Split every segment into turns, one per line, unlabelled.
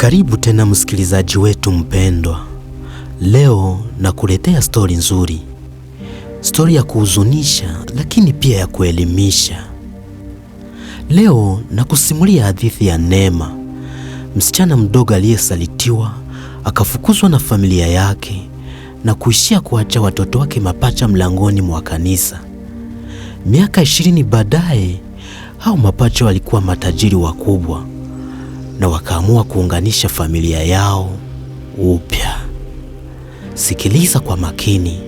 Karibu tena msikilizaji wetu mpendwa, leo nakuletea stori nzuri, stori ya kuhuzunisha lakini pia ya kuelimisha. Leo nakusimulia hadithi ya Neema, msichana mdogo aliyesalitiwa akafukuzwa na familia yake na kuishia kuacha watoto wake mapacha mlangoni mwa kanisa. Miaka ishirini baadaye hao mapacha walikuwa matajiri wakubwa na wakaamua kuunganisha familia yao upya. Sikiliza kwa makini,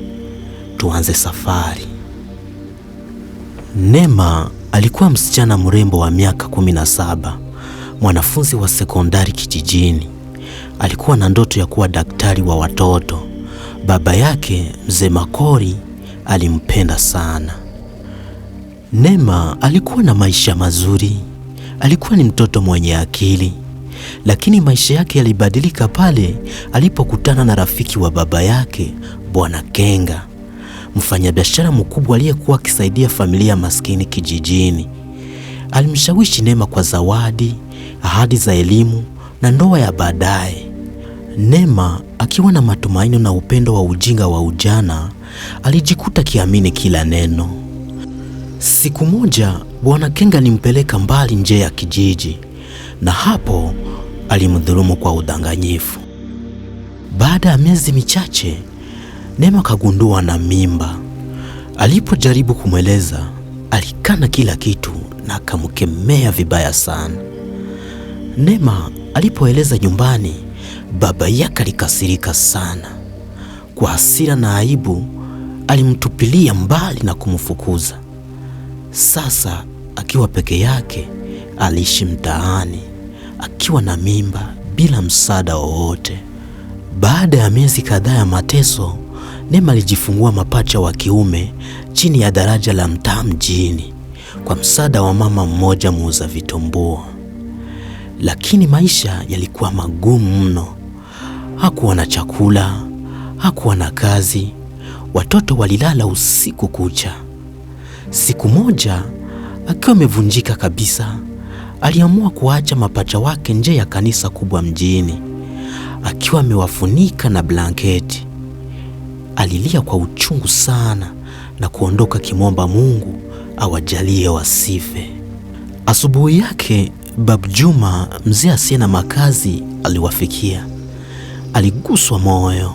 tuanze safari. nema alikuwa msichana mrembo wa miaka 17, mwanafunzi wa sekondari kijijini. Alikuwa na ndoto ya kuwa daktari wa watoto. Baba yake Mzee Makori alimpenda sana. nema alikuwa na maisha mazuri. Alikuwa ni mtoto mwenye akili, lakini maisha yake yalibadilika pale alipokutana na rafiki wa baba yake Bwana Kenga, mfanyabiashara mkubwa aliyekuwa akisaidia familia maskini kijijini. Alimshawishi Neema kwa zawadi, ahadi za elimu na ndoa ya baadaye. Neema akiwa na matumaini na upendo wa ujinga wa ujana, alijikuta kiamini kila neno. Siku moja Bwana Kenga alimpeleka mbali nje ya kijiji, na hapo alimdhulumu kwa udanganyifu. Baada ya miezi michache, Neema kagundua na mimba. Alipojaribu kumweleza, alikana kila kitu na akamkemea vibaya sana. Neema alipoeleza nyumbani, baba yake alikasirika sana. Kwa hasira na aibu, alimtupilia mbali na kumfukuza. Sasa akiwa peke yake, aliishi mtaani akiwa na mimba bila msaada wowote. Baada ya miezi kadhaa ya mateso, Neema alijifungua mapacha wa kiume chini ya daraja la mtaa mjini kwa msaada wa mama mmoja muuza vitumbua. Lakini maisha yalikuwa magumu mno. Hakuwa na chakula, hakuwa na kazi. Watoto walilala usiku kucha. Siku moja, akiwa amevunjika kabisa, aliamua kuacha mapacha wake nje ya kanisa kubwa mjini akiwa amewafunika na blanketi. Alilia kwa uchungu sana na kuondoka kimomba Mungu awajalie wasife. Asubuhi yake Babu Juma, mzee asiye na makazi, aliwafikia. Aliguswa moyo,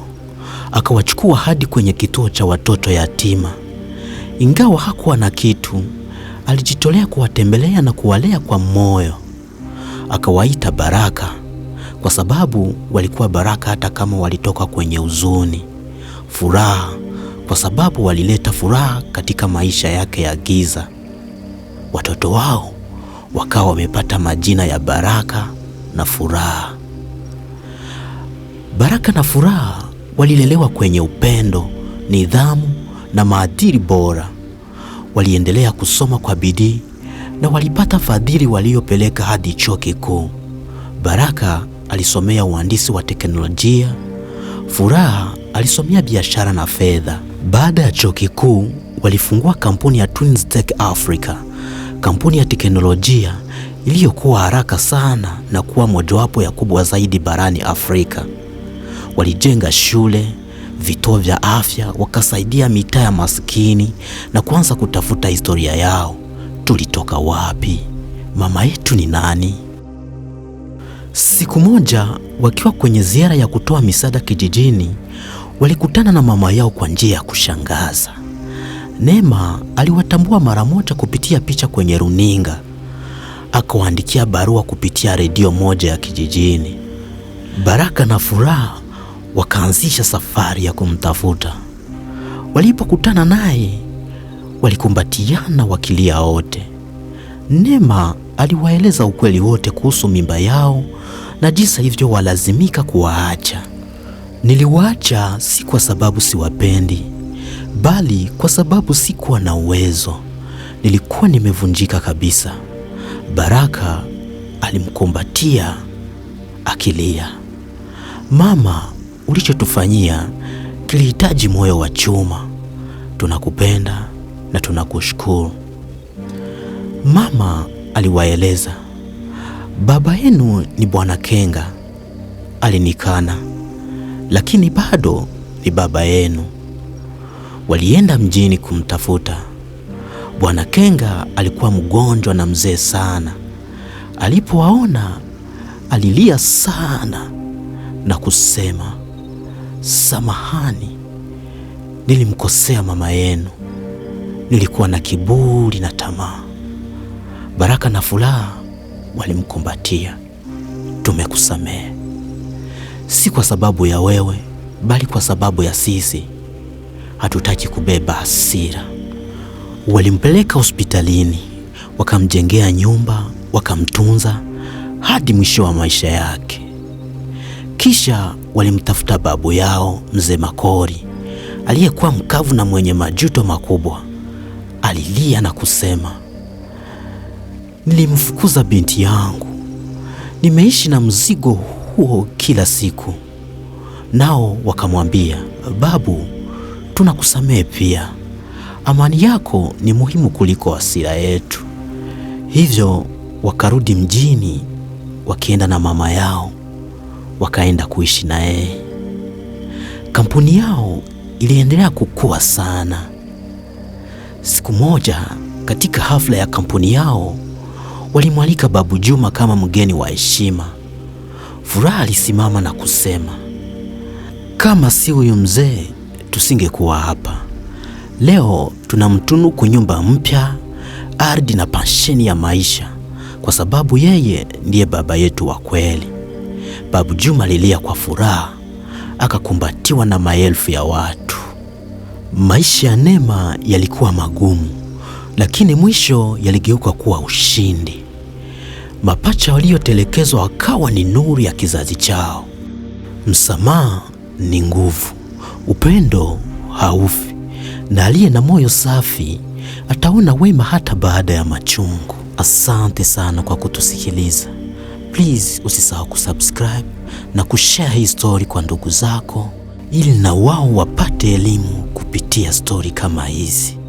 akawachukua hadi kwenye kituo cha watoto yatima. Ingawa hakuwa na kitu, alijitolea kuwatembelea na kuwalea kwa moyo. Akawaita baraka kwa sababu walikuwa baraka hata kama walitoka kwenye huzuni, furaha kwa sababu walileta furaha katika maisha yake ya giza. Watoto wao wakawa wamepata majina ya Baraka na Furaha. Baraka na Furaha walilelewa kwenye upendo, nidhamu na maadili bora waliendelea kusoma kwa bidii na walipata fadhili waliopeleka hadi chuo kikuu. Baraka alisomea uhandisi wa teknolojia, Furaha alisomea biashara na fedha. Baada ya chuo kikuu walifungua kampuni ya Twins Tech Africa, kampuni ya teknolojia iliyokuwa haraka sana na kuwa mojawapo ya kubwa zaidi barani Afrika. Walijenga shule vituo vya afya, wakasaidia mitaa ya maskini na kuanza kutafuta historia yao, tulitoka wapi, mama yetu ni nani? Siku moja wakiwa kwenye ziara ya kutoa misaada kijijini, walikutana na mama yao kwa njia ya kushangaza. Neema aliwatambua mara moja kupitia picha kwenye runinga, akawaandikia barua kupitia redio moja ya kijijini. Baraka na furaha wakaanzisha safari ya kumtafuta. Walipokutana naye walikumbatiana wakilia wote. Neema aliwaeleza ukweli wote kuhusu mimba yao na jinsi hivyo walazimika kuwaacha. Niliwaacha si kwa sababu siwapendi, bali kwa sababu sikuwa na uwezo. Nilikuwa nimevunjika kabisa. Baraka alimkumbatia akilia. Mama ulichotufanyia kilihitaji moyo wa chuma. Tunakupenda na tunakushukuru. Mama aliwaeleza, baba yenu ni Bwana Kenga alinikana, lakini bado ni baba yenu. Walienda mjini kumtafuta. Bwana Kenga alikuwa mgonjwa na mzee sana. Alipowaona alilia sana na kusema samahani, nilimkosea mama yenu, nilikuwa na kiburi na tamaa. Baraka na furaha walimkumbatia, tumekusamehe, si kwa sababu ya wewe, bali kwa sababu ya sisi. Hatutaki kubeba hasira. Walimpeleka hospitalini, wakamjengea nyumba, wakamtunza hadi mwisho wa maisha yake. Kisha walimtafuta babu yao mzee Makori aliyekuwa mkavu na mwenye majuto makubwa. Alilia na kusema, nilimfukuza binti yangu, nimeishi na mzigo huo kila siku. Nao wakamwambia, babu, tunakusamehe pia, amani yako ni muhimu kuliko hasira yetu. Hivyo wakarudi mjini wakienda na mama yao wakaenda kuishi na Kampuni yao iliendelea kukua sana. Siku moja katika hafla ya kampuni yao walimwalika Babu Juma kama mgeni wa heshima. Furaha alisimama na kusema, kama si huyu mzee tusingekuwa hapa leo. Tunamtunuku nyumba mpya, ardhi na pensheni ya maisha, kwa sababu yeye ndiye baba yetu wa kweli. Babu Juma alilia kwa furaha, akakumbatiwa na maelfu ya watu. Maisha ya Neema yalikuwa magumu, lakini mwisho yaligeuka kuwa ushindi. Mapacha waliotelekezwa wakawa ni nuru ya kizazi chao. Msamaha ni nguvu, upendo haufi, na aliye na moyo safi ataona wema hata baada ya machungu. Asante sana kwa kutusikiliza. Please usisahau kusubscribe na kushare hii story kwa ndugu zako, ili na wao wapate elimu kupitia story kama hizi.